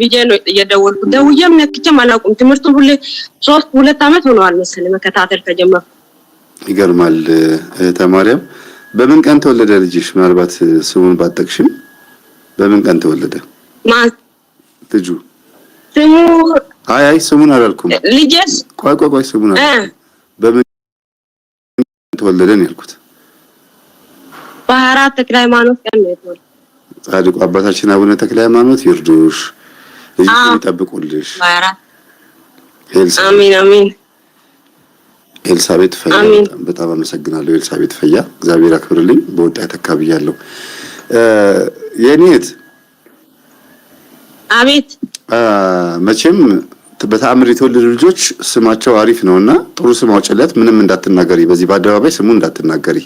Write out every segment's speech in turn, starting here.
ቪዲዮ ነው እየደወልኩ ደውዬም ነክቼም አላውቅም። ትምህርቱ ሁሌ ሶስት ሁለት ዓመት ሆነዋል መሰለኝ መከታተል ከጀመርኩ። ይገርማል። ተማሪያም በምን ቀን ተወለደ ልጅሽ? ምናልባት ስሙን ባጠቅሽም በምን ቀን ተወለደ ልጁ? ስሙ አይ አይ ስሙን አላልኩም። ልጅስ ቆይ ቆይ ቆይ ስሙን በምን ተወለደ ነው ያልኩት። በሀያ አራት ተክለ ሃይማኖት ቀን ነው የተወለደ። ጻድቁ አባታችን አቡነ ተክለ ሃይማኖት ይርዱሽ። ይጠብቁልሽ። ኤልሳቤት ፈያ በጣም አመሰግናለሁ። ኤልሳቤት ፈያ እግዚአብሔር አክብርልኝ። በወጣ አካባቢ ያለው የኔት አቤት። መቼም በተአምር የተወለዱ ልጆች ስማቸው አሪፍ ነው እና ጥሩ ስም አውጭለት። ምንም እንዳትናገሪ፣ በዚህ በአደባባይ ስሙ እንዳትናገሪ።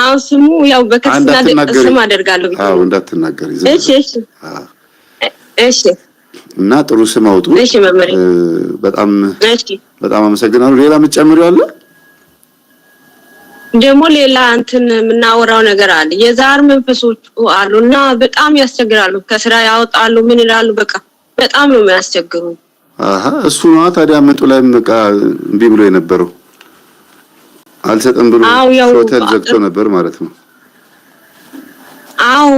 አዎ ስሙ ያው በከስና ስም አደርጋለሁ። አዎ እንዳትናገሪ። እሺ እሺ። እና ጥሩ ስም አውጡ። በጣም በጣም አመሰግናለሁ። ሌላ የምትጨምሪው አለ? ደግሞ ሌላ እንትን የምናወራው ነገር አለ። የዛር መንፈሶች አሉ እና በጣም ያስቸግራሉ። ከስራ ያወጣሉ፣ ምን ይላሉ። በቃ በጣም ነው የሚያስቸግሩ። አሀ እሱ ነው ታዲያ። ምጡ ላይም በቃ እምቢ ብሎ የነበረው አልሰጥም ብሎ ሆቴል ዘግቶ ነበር ማለት ነው። አዎ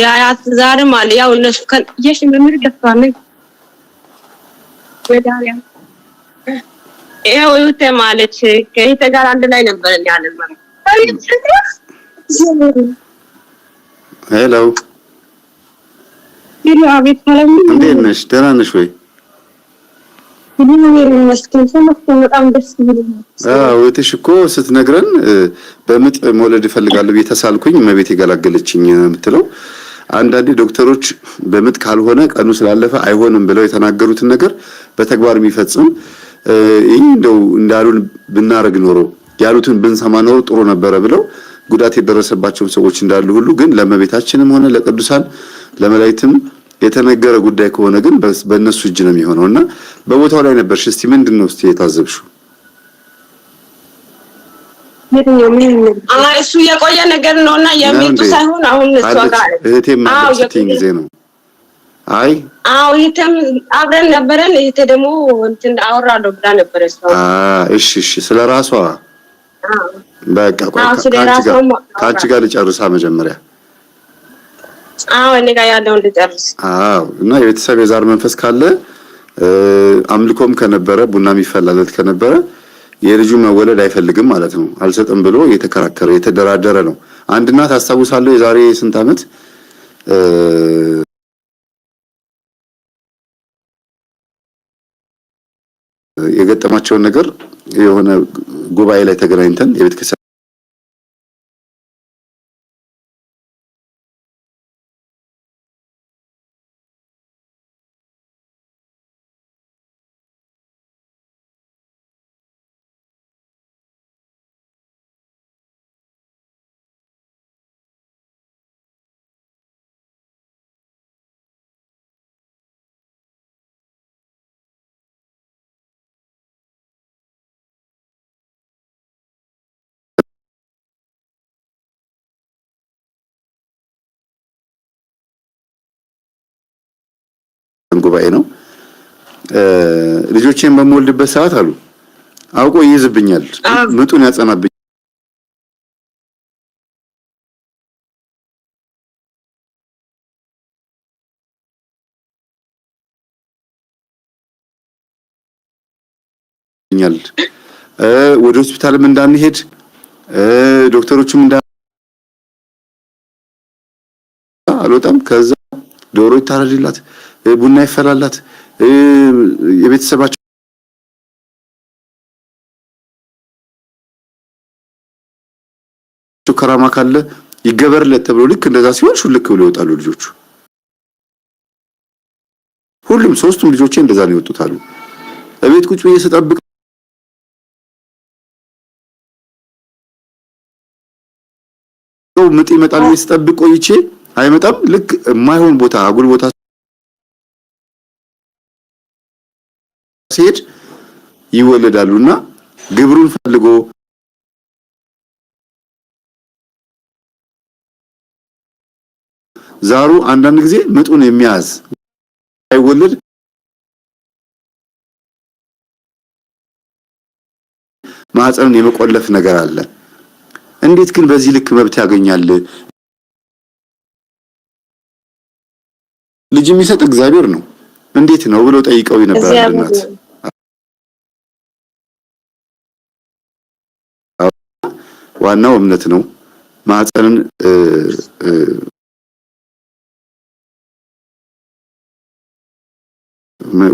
ያያት ዛርም አለ ያው እነሱ ከን የሽ መምህር ደፋነ ወዳሪያ ያው ይውተ ማለች ከይተ ጋር አንድ ላይ ነበር ያለ ማለት ሄሎ ሄሎ አቤት ማለት እንዴት ነሽ? ደህና ነሽ ወይ? እህትሽ እኮ ስትነግረን በምጥ መውለድ እፈልጋለሁ ብዬ ተሳልኩኝ እመቤት የገላገለችኝ የምትለው አንዳንዴ ዶክተሮች በምጥ ካልሆነ ቀኑ ስላለፈ አይሆንም ብለው የተናገሩትን ነገር በተግባር የሚፈጽም ይህ እንደው እንዳሉን ብናደርግ ኖሮ ያሉትን ብንሰማ ኖሮ ጥሩ ነበረ ብለው ጉዳት የደረሰባቸውን ሰዎች እንዳሉ ሁሉ ግን ለእመቤታችንም ሆነ ለቅዱሳን ለመላእክትም የተነገረ ጉዳይ ከሆነ ግን በእነሱ እጅ ነው የሚሆነው እና በቦታው ላይ ነበርሽ። እስቲ ምንድን ነው እስቲ የታዘብሽው? እሱ የቆየ ነገር ነው እና የሚጡ ሳይሆን አሁን እሷ ጋር እህቴም ነበር ስትይኝ ጊዜ ነው። አይ አዎ እህቴም አብረን ነበረን። እህቴ ደግሞ እንትን አወራለሁ ብላ ነበረ እሷ። እሺ እሺ፣ ስለ ራሷ በቃ ቆይ፣ ከአንቺ ጋር ልጨርሳ መጀመሪያ እኔ ጋር ያለውን ልጨርስ። አዎ እና የቤተሰብ የዛር መንፈስ ካለ አምልኮም ከነበረ ቡና የሚፈላለት ከነበረ የልጁ መወለድ አይፈልግም ማለት ነው። አልሰጥም ብሎ የተከራከረ የተደራደረ ነው። አንድ እናት አስታውሳለሁ የዛሬ ስንት ዓመት የገጠማቸውን ነገር የሆነ ጉባኤ ላይ ተገናኝተን የቤተክርስቲያን ጉባኤ ነው። ልጆቼን በምወልድበት ሰዓት አሉ አውቆ ይይዝብኛል፣ ምጡን ያጸናብኛል። ወደ ሆስፒታልም እንዳንሄድ ዶክተሮቹም እንዳ አልወጣም። ከዛ ዶሮ ይታረድላት ቡና ይፈላላት የቤተሰባቸው ከራማ ካለ ይገበርለት ተብሎ ልክ እንደዛ ሲሆን ሹልክ ብሎ ይወጣሉ ልጆቹ። ሁሉም ሶስቱም ልጆቼ እንደዛ ነው ይወጡት አሉ። እቤት ቁጭ ብዬ ስጠብቅ ምጥ ይመጣል ብዬ ስጠብቅ ቆይቼ አይመጣም። ልክ የማይሆን ቦታ አጉል ቦታ ሲሄድ ይወለዳሉና ግብሩን ፈልጎ ዛሩ አንዳንድ ጊዜ ምጡን የሚያዝ አይወለድ ማህፀንን የመቆለፍ ነገር አለ። እንዴት ግን በዚህ ልክ መብት ያገኛል? ልጅ የሚሰጥ እግዚአብሔር ነው። እንዴት ነው ብሎ ጠይቀው ነበር እናት ዋናው እምነት ነው። ማህፀንን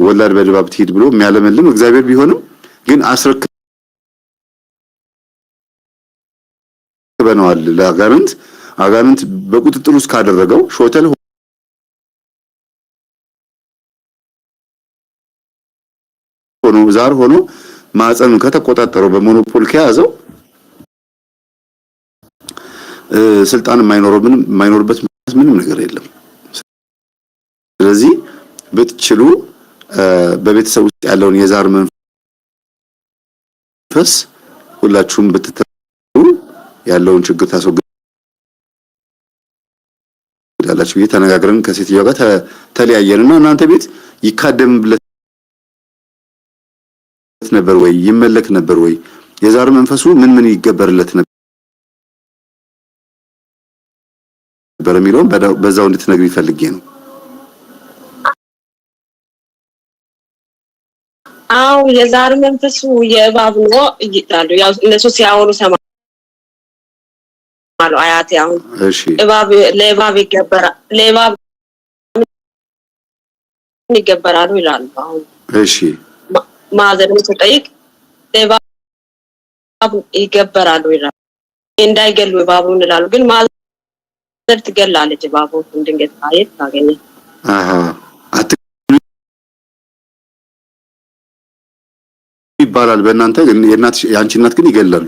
ወላድ በድባብ ትሂድ ብሎ የሚያለመልም እግዚአብሔር ቢሆንም ግን አስረክበነዋል ለአጋንንት። አጋንንት በቁጥጥር ውስጥ ካደረገው ሾተል ሆኖ ዛር ሆኖ ማጸኑ ከተቆጣጠረው በሞኖፖል ከያዘው ስልጣን የማይኖርበት ምንም ነገር የለም። ስለዚህ ብትችሉ በቤተሰብ ውስጥ ያለውን የዛር መንፈስ ሁላችሁም ብትተሩ ያለውን ችግር ታስወግዳላችሁ ብዬ ተነጋግረን ከሴትዮዋ ጋር ተለያየንና እናንተ ቤት ይካደምብለ ነበር ወይ? ይመለክ ነበር ወይ? የዛር መንፈሱ ምን ምን ይገበርለት ነበር የሚለውን በዛው እንድትነግሪ ፈልጌ ነው። አው የዛር መንፈሱ የእባብ ነው ይላሉ። ያው እነሱ ሲያወሩ ሰማ አሉ አያቴ። አሁን እሺ፣ እባብ ለእባብ ይገበራል፣ ለእባብ ይገበራሉ ይላሉ። አሁን እባብ ለእባብ ይገበራል ለእባብ ይገበራሉ ይላሉ አሁን እሺ ማዘርን ስጠይቅ እባብ ይገበራሉ ይላል። እንዳይገሉ እባቡን ይላሉ። ግን ማዘር ትገላለች እባቡን ድንገት አየት ታገኘ ይባላል። በእናንተ ግን የአንቺ እናት ግን ይገላሉ።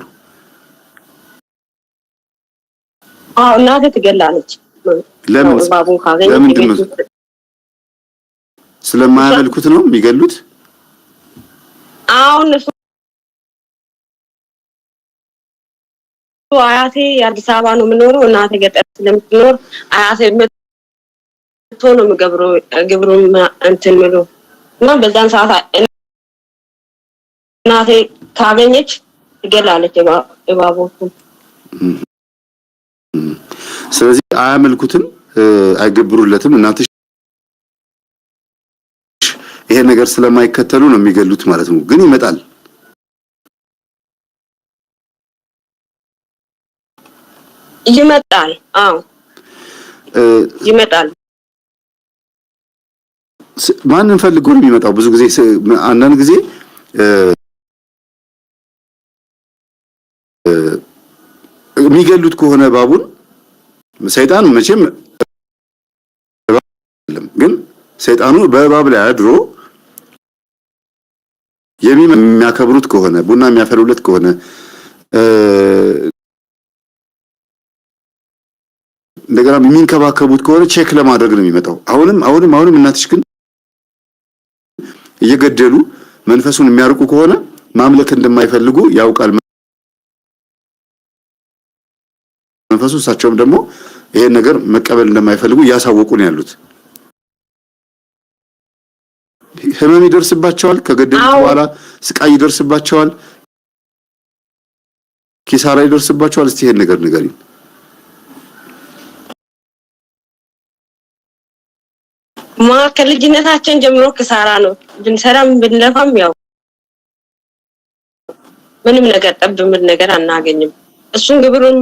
አዎ እናቴ ትገላለች። ለምን? ካገኘ ስለማያመልኩት ነው የሚገሉት። አሁን እሱ አያቴ አዲስ አበባ ነው የምኖረው። እናቴ ገጠር ስለምትኖር አያቴ መቶ ነው ግብሩ ግብሩ እንትን ምሉ እና በዛን ሰዓት እናቴ ካገኘች ትገላለች እባቦቹ። ስለዚህ አያመልኩትም፣ አይገብሩለትም እናትሽ ነገር ስለማይከተሉ ነው የሚገሉት ማለት ነው። ግን ይመጣል። ይመጣል። አዎ ይመጣል። ማንን ፈልጎ ነው የሚመጣው? ብዙ ጊዜ አንዳንድ ጊዜ የሚገሉት ከሆነ እባቡን ሰይጣን መቼም ግን ሰይጣኑ በእባብ ላይ አድሮ የሚያከብሩት ከሆነ ቡና የሚያፈሉለት ከሆነ እንደገና የሚንከባከቡት ከሆነ ቼክ ለማድረግ ነው የሚመጣው። አሁንም አሁንም አሁንም እናትሽ ግን እየገደሉ መንፈሱን የሚያርቁ ከሆነ ማምለክ እንደማይፈልጉ ያውቃል መንፈሱ። እሳቸውም ደግሞ ይሄን ነገር መቀበል እንደማይፈልጉ እያሳወቁ ነው ያሉት። ህመም ይደርስባቸዋል። ከገደል በኋላ ስቃይ ይደርስባቸዋል፣ ኪሳራ ይደርስባቸዋል። እስቲ ይሄን ነገር ንገሪኝ። ማ ከልጅነታችን ጀምሮ ኪሳራ ነው። ብንሰራም ብንለፋም ያው ምንም ነገር ጠብ ምን ነገር አናገኝም። እሱን ግብሩን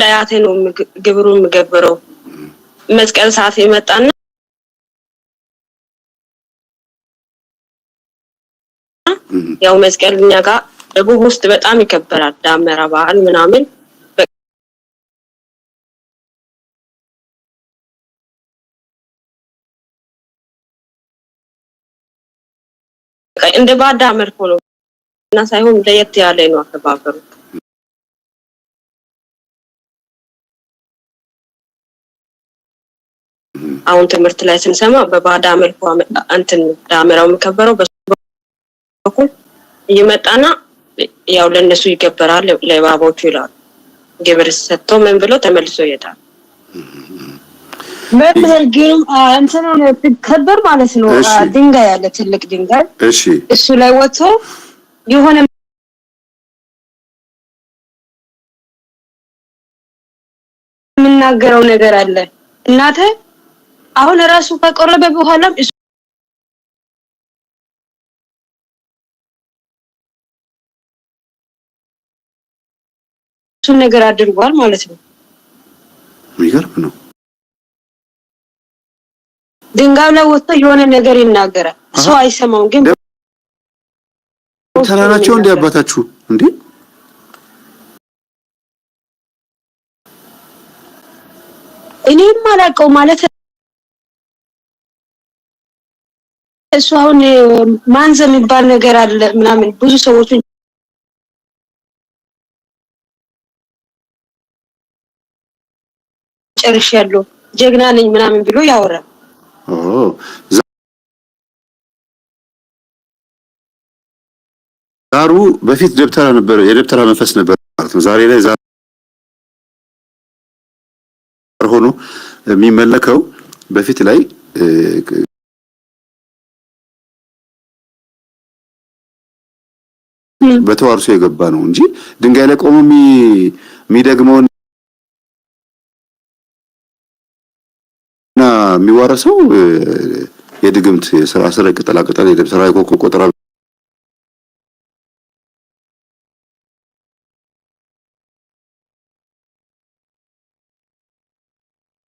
ለአያቴ ነው ግብሩ የምገብረው። መስቀል ሰዓት የመጣና ያው መስቀል እኛ ጋር ደቡብ ውስጥ በጣም ይከበራል። ዳመራ በዓል ምናምን እንደ ባዳ ነው እና ሳይሆን ለየት ያለ ነው አከባበሩ። አሁን ትምህርት ላይ ስንሰማ በባዳ መልኩ እንትን ዳመራው የሚከበረው በኩል እየመጣና ያው ለእነሱ ይገበራል፣ ለባቦቹ ይላሉ። ግብር ሰጥቶ ምን ብሎ ተመልሶ ይሄዳል። መምህር ግን እንትኑን ትከበር ማለት ነው። ድንጋይ ያለ ትልቅ ድንጋይ እሱ ላይ ወጥቶ የሆነ የምናገረው ነገር አለ እናተ አሁን ራሱ ከቆረበ በኋላም እሱን ነገር አድርጓል ማለት ነው። የሚገርም ነው። ድንጋይ ላይ ወጥቶ የሆነ ነገር ይናገራል። ሰው አይሰማም፣ ግን ተራራቸው እንደ አባታችሁ እንዴ እኔም አላውቀው ማለት እሱ አሁን ማንዘ የሚባል ነገር አለ ምናምን ብዙ ሰዎችን ጨርሽ ያለው ጀግና ነኝ ምናምን ብሎ ያወራል። ዛሩ በፊት ደብተራ ነበር፣ የደብተራ መንፈስ ነበር ማለት ነው። ዛሬ ላይ ዛር ሆኖ የሚመለከው በፊት ላይ በተዋርሶ የገባ ነው እንጂ ድንጋይ ላይ ቆሞ የሚደግመውን እና የሚዋረሰው የድግምት ስራ ስረ ቅጠላ የደም ስራ የኮኮ ቆጠራ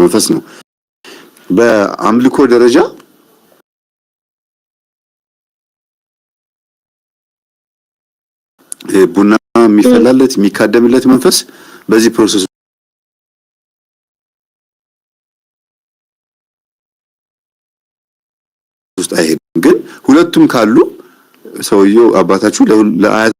መንፈስ ነው። በአምልኮ ደረጃ ቡና የሚፈላለት የሚካደምለት መንፈስ በዚህ ፕሮሰስ ውስጥ አይሄድም። ግን ሁለቱም ካሉ ሰውየው አባታችሁ ለአያት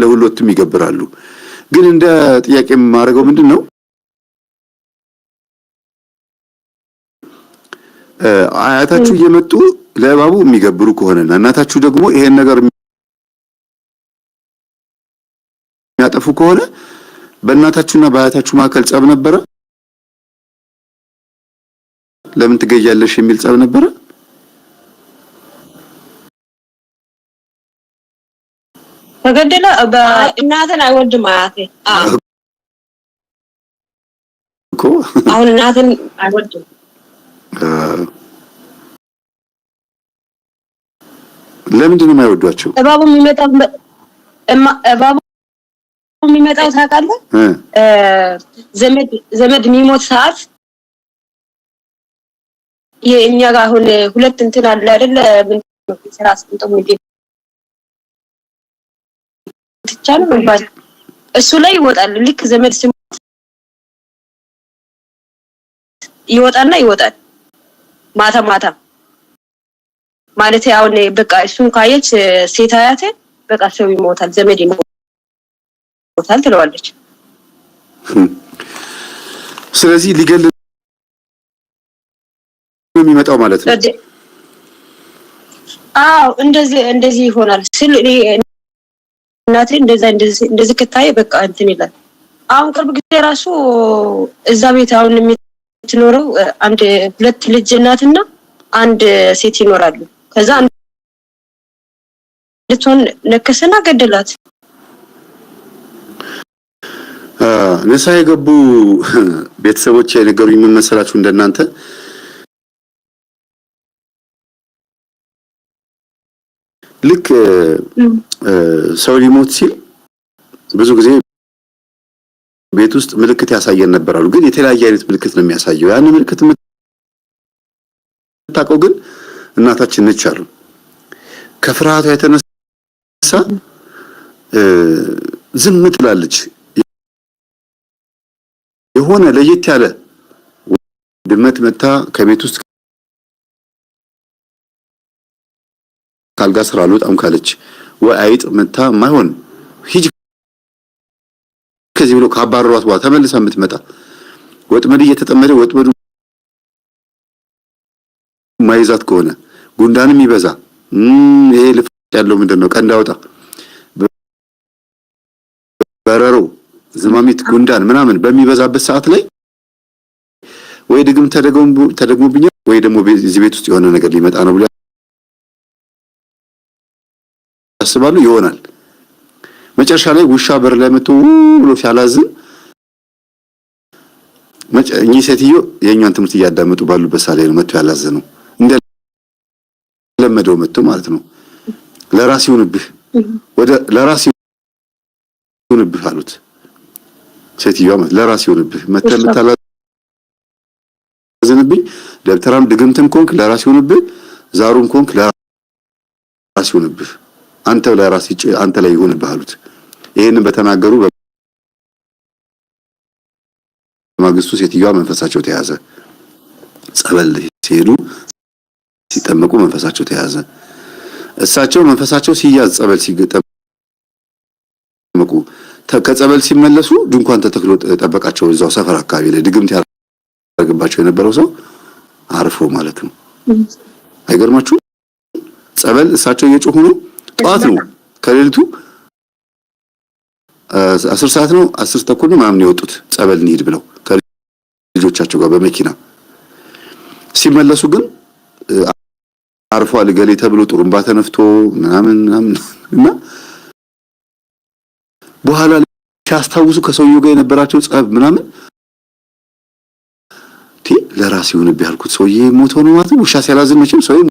ለሁለቱም ይገብራሉ። ግን እንደ ጥያቄ የማደርገው ምንድን ነው አያታችሁ እየመጡ ለእባቡ የሚገብሩ ከሆነና እናታችሁ ደግሞ ይሄን ነገር የሚያጠፉ ከሆነ በእናታችሁና በአያታችሁ መካከል ጸብ ነበረ? ለምን ትገያለሽ የሚል ጸብ ነበረ? ተገደለ እናትን አይወድም አያቴ እኮ አሁን እናትን አይወድም ለምንድን ነው የማይወዷቸው? እባቡ የሚመጣው እባቡ የሚመጣው ታውቃለህ፣ ዘመድ ዘመድ የሚሞት ሰዓት የእኛ ጋር አሁን ሁለት እንትን አለ አይደለ? ምን ስራ ምንድን እሱ ላይ ይወጣል። ልክ ዘመድ ሲሞት ይወጣና ይወጣል። ማታ ማታ ማለት አሁን በቃ እሱን ካየች ሴት አያቴ በቃ ሰው ይሞታል፣ ዘመድ ይሞታል ትለዋለች። ስለዚህ ሊገል የሚመጣው ማለት ነው። አዎ እንደዚህ እንደዚህ ይሆናል ስል እናቴ እንደዛ እንደዚህ እንደዚህ ከታየ በቃ እንትን ይላል። አሁን ቅርብ ጊዜ ራሱ እዛ ቤት አሁን የሚ የምትኖረው አንድ ሁለት ልጅ እና አንድ ሴት ይኖራሉ። ከዛ ልትሆን ነከሰና ገደላት። ንሳ የገቡ ቤተሰቦች የነገሩ የምመሰላችሁ እንደናንተ ልክ ሰው ሊሞት ሲል ብዙ ጊዜ ቤት ውስጥ ምልክት ያሳየን ነበራሉ። ግን የተለያየ አይነት ምልክት ነው የሚያሳየው። ያን ምልክት የምታውቀው ግን እናታችን ነች አሉ። ከፍርሃቷ የተነሳ ዝም ትላለች። የሆነ ለየት ያለ ድመት መታ ከቤት ውስጥ ካልጋ ስራ አልወጣም ካለች ወይ አይጥ መታ ማይሆን ሂጅ ከዚህ ብሎ ካባረሯት በኋላ ተመልሳ የምትመጣ ወጥመድ እየተጠመደ ወጥመዱ ማይዛት ከሆነ ጉንዳንም ይበዛ ይሄ ልፍ ያለው ምንድን ነው? ቀንድ አውጣ፣ በረሮ፣ ዝማሚት፣ ጉንዳን ምናምን በሚበዛበት ሰዓት ላይ ወይ ድግም ተደግሞብኛል ወይ ደግሞ እዚህ ቤት ውስጥ የሆነ ነገር ሊመጣ ነው ብሎ ያስባሉ ይሆናል። መጨረሻ ላይ ውሻ በር ላይ መጥቶ ብሎ ሲያላዝን እኚህ ሴትዮ የእኛን ትምህርት እያዳመጡ ባሉበት ሳላይ ነው መጥቶ ያላዘነው። እንደለመደው መጥቶ ማለት ነው። ለራስ ይሁንብህ ወደ ለራስ ይሁንብህ አሉት። ሴትዮ ማለት ለራስ ይሁንብህ መጥተህ የምታላዝንብኝ ደብተራም ድግምትም ኮንክ ለራስ ይሁንብህ፣ ዛሩም ኮንክ ለራስ ይሁንብህ አንተ ላይ ራስ አንተ ላይ ይሁን ባሉት ይህንን በተናገሩ በማግስቱ ሴትዮዋ መንፈሳቸው ተያዘ። ጸበል ሲሄዱ ሲጠመቁ መንፈሳቸው ተያዘ። እሳቸው መንፈሳቸው ሲያዝ ጸበል ሲጠመቁ ከጸበል ሲመለሱ ድንኳን ተተክሎ ጠበቃቸው። እዛው ሰፈር አካባቢ ላይ ድግምት ያደርግባቸው የነበረው ሰው አርፎ ማለት ነው። አይገርማችሁ? ጸበል እሳቸው እየጮሁ ነው። ጠዋት ነው ከሌሊቱ አስር ሰዓት ነው አስር ተኩል ነው ምናምን የወጡት ጸበል እንሂድ ብለው ከልጆቻቸው ጋር በመኪና ሲመለሱ ግን አርፏል ገሌ ተብሎ ጥሩምባ ተነፍቶ ምናምን ምናምን እና በኋላ ሲያስታውሱ ከሰውየው ጋር የነበራቸው ጸብ ምናምን ለራስ ይሁን ቢያልኩት ሰውዬ ሞቶ ነው ማለት ነው። ውሻ ሲያላዝን መቼም ሰው